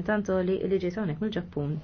Intanto li li ġiet hawnhekk mill-Ġappun